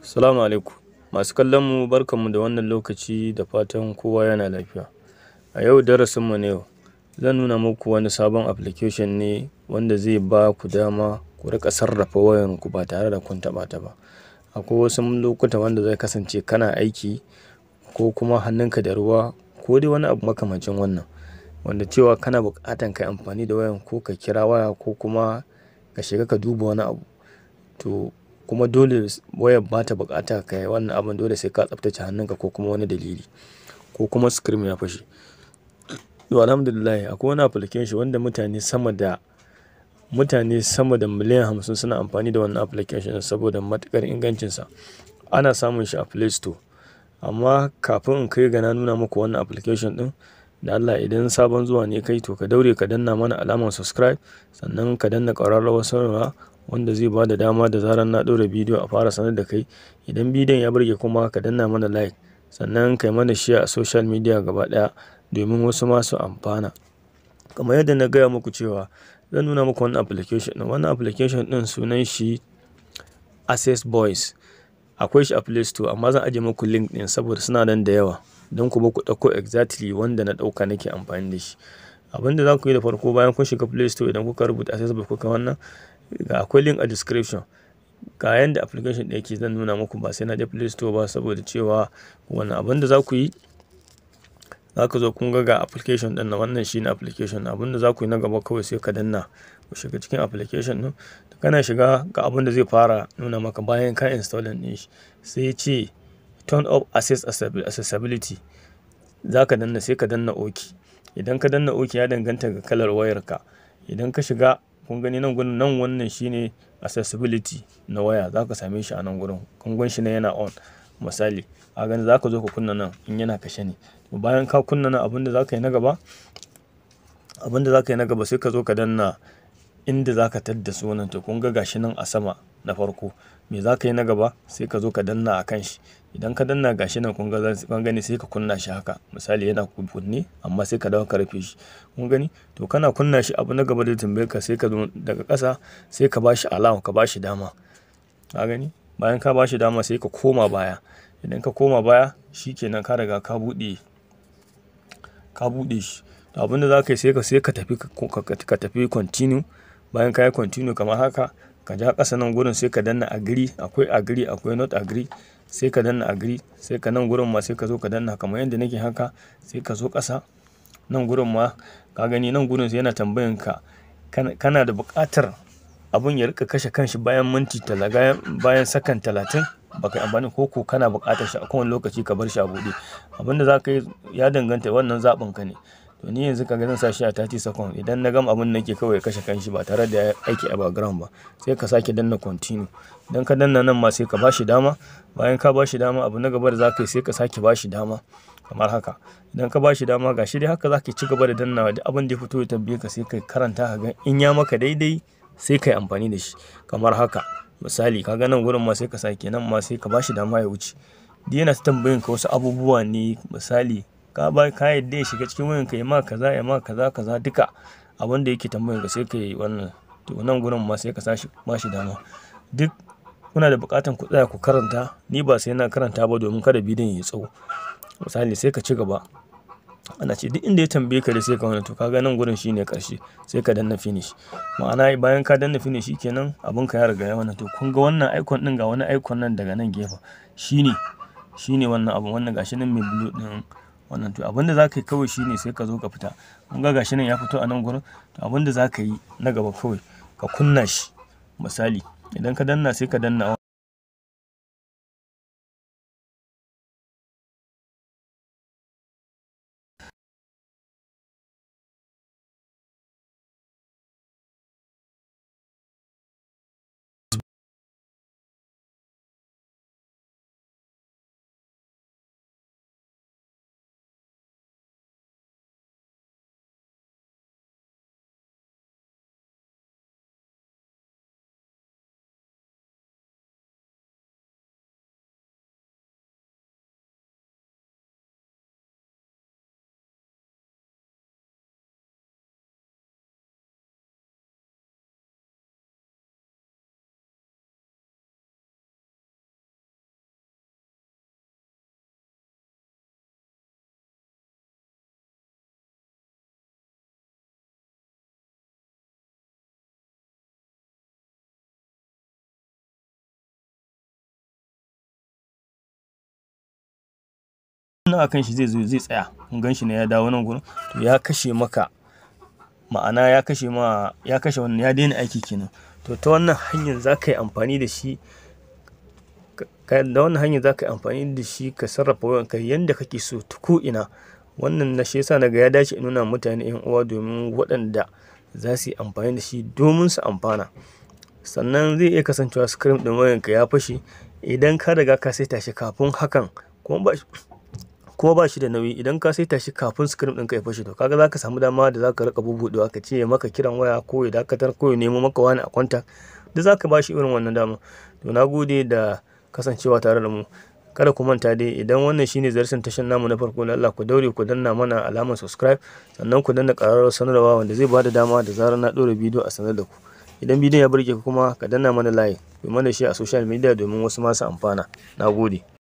Salamu alaikum. Masu kallon mu mu da wannan lokaci da fatan kowa yana lafiya. A yau darasin mu na zan nuna muku wani sabon application ne wanda zai ba ku dama ku rika sarrafa wayan ku ba tare da kun taba ta ba. Akwai wasu lokuta wanda zai kasance kana aiki ko kuma hannunka da ruwa ko dai wani abu makamancin wannan wanda cewa kana bukatan ka yi amfani da wayan ko ka kira waya ko kuma ka shiga ka duba wani abu. To kuma dole wayar ba ta bukata ka yi wannan abin dole sai ka tsaftace hannunka ko kuma wani dalili ko kuma screen ya fashe. yau alhamdulillah akwai wani application wanda mutane sama da mutane sama da miliyan hamsin suna amfani da wannan application saboda matukar ingancinsa. Ana samun shi a Play Store. Amma kafin in kai ga na nuna muku wannan application din da Allah idan sabon zuwa ne kai to ka daure ka danna mana alamar subscribe sannan ka danna ƙararrawar sanarwa wanda zai ba da dama da zarar na ɗora bidiyo a fara sanar da kai idan bidiyon ya burge kuma ka danna mana like sannan kai mana share a social media gaba ɗaya domin wasu masu amfana kamar yadda na gaya muku cewa zan nuna muku wannan application ɗin wannan application ɗin sunan shi access boys akwai shi a play store amma zan ajiye muku link ɗin saboda suna nan da yawa don ba ku ɗauko exactly wanda na ɗauka nake amfani da shi abinda za ku yi da farko bayan kun shiga play store idan kuka rubuta access boys kuka wannan akwai link a description ga yanda application da yake zan nuna muku ba sai na je play store ba saboda cewa Wani abin da za ku yi za ka zo kun ga ga application din na wannan shi ne application abin da za ku yi na gaba kawai sai ka danna ku shiga cikin application ɗin kana shiga ga abin da zai fara nuna maka bayan ka install ɗin shi sai ya ce turn off access accessibility za ka danna sai ka danna ok idan ka danna ok ya danganta ga kalar wayar ka. idan ka shiga kun gani nan gudun nan wannan shine accessibility na waya za ka same shi a nan gurin kangon shi na yana on misali a gani za ka zo ka kunna nan in yana kashe ne bayan ka kunna nan abinda za ka yi na gaba abinda za ka yi na gaba sai ka zo ka danna inda za ka tadda sunan to kun ga gashi nan a sama na farko me za ka yi na gaba sai ka zo ka danna a kan shi idan ka danna shi nan kun gani sai ka kunna shi haka misali yana kunne amma sai ka dawo ka rufe shi kun gani to kana kunna shi abu na gaba da tambaye ka sai ka zo daga ƙasa sai ka bashi alama ka bashi dama ka gani bayan ka bashi dama sai ka koma baya idan ka koma baya shikenan ka riga ka buɗe ka buɗe shi abinda za ka yi sai ka sai ka tafi ka tafi continue bayan ka yi continue kamar haka ka ja ƙasa nan gurin sai ka danna agiri akwai agiri akwai not agiri sai ka danna agiri sai ka nan gurin ma sai ka zo ka danna kamar yadda nake haka sai ka zo ƙasa nan gurin ma ka gani nan gurin sai yana tambayan ka kana da buƙatar abun ya rika kashe kanshi bayan minti talaga bayan sakan talatin baka amfani ko ko kana buƙatar shi a kowane lokaci ka bar shi a buɗe abinda za ka yi ya danganta wannan zaɓin ka ne to ni yanzu kaga zan sa shi a 30 second idan na gama abin nake kawai kashe shi ba tare da aiki a background ba sai ka sake danna continue dan ka danna nan ma sai ka bashi dama bayan ka bashi dama abu na gaba da zaka yi sai ka sake bashi dama kamar haka idan ka bashi dama gashi dai haka zaka ci gaba da dannawa duk abin da ya fito ya tambaye ka sai kai karanta ka ga in ya maka daidai sai kai amfani da shi kamar haka misali kaga nan gurin ma sai ka sake nan ma sai ka bashi dama ya wuce duk yana tambayin ka wasu abubuwa ne misali ka ba ka yadda ya shiga cikin wayanka ya ma kaza ya ma kaza kaza duka abin da yake tambayar ka sai ka yi wannan to nan gurin ma sai ka sashi ba shi dama duk kuna da buƙatan ku tsaya ku karanta ni ba sai na karanta ba domin kada bidiyon ya tsawo misali sai ka ci gaba ana ce duk inda ya tambaye ka da sai ka wani to kaga nan gurin shine karshe sai ka danna finish ma'ana bayan ka danna finish kenan abin ka ya riga ya wannan to kun ga wannan icon din ga wani icon nan daga nan gefe shine shine wannan abun wannan gashi nan mai blue din wannan to abinda za ka yi kawai shine sai ka zo ka fita kun ga gashi nan ya fito a nan gurin to abinda za ka yi na gaba kawai ka kunna shi misali idan ka danna sai ka danna nan akan shi zai zo zai tsaya kun gan shi ne ya dawo nan gurin to ya kashe maka ma'ana ya kashe ma ya kashe wannan ya daina aiki kenan to ta wannan hanyar za ka yi amfani da shi da wannan hanyar za ka yi amfani da shi ka sarrafa wayanka yadda kake so ta ko'ina wannan na shi yasa naga ya dace in nuna mutane yan uwa domin waɗanda za su yi amfani da shi domin su amfana sannan zai iya kasancewa screen ɗin wayanka ya fashe idan ka riga ka saita shi kafin hakan kuma ba kuma ba shi da nauyi idan ka saita shi kafin screen ɗinka ya fashe to kaga za ka samu dama da za ka rika bubuɗewa ka ce maka kiran waya ko ya dakatar ko ya nemo maka wani a kwanta da za ka ba shi irin wannan dama to na gode da kasancewa tare da mu kada ku manta dai idan wannan shine zarsin tashar namu na farko na Allah ku daure ku danna mana alamar subscribe sannan ku danna ƙararrawar sanarwa wanda zai bada dama da zarar na ɗora bidiyo a sanar da ku idan bidiyon ya burge ku kuma ka danna mana like ku mana shi a social media domin wasu masu amfana na gode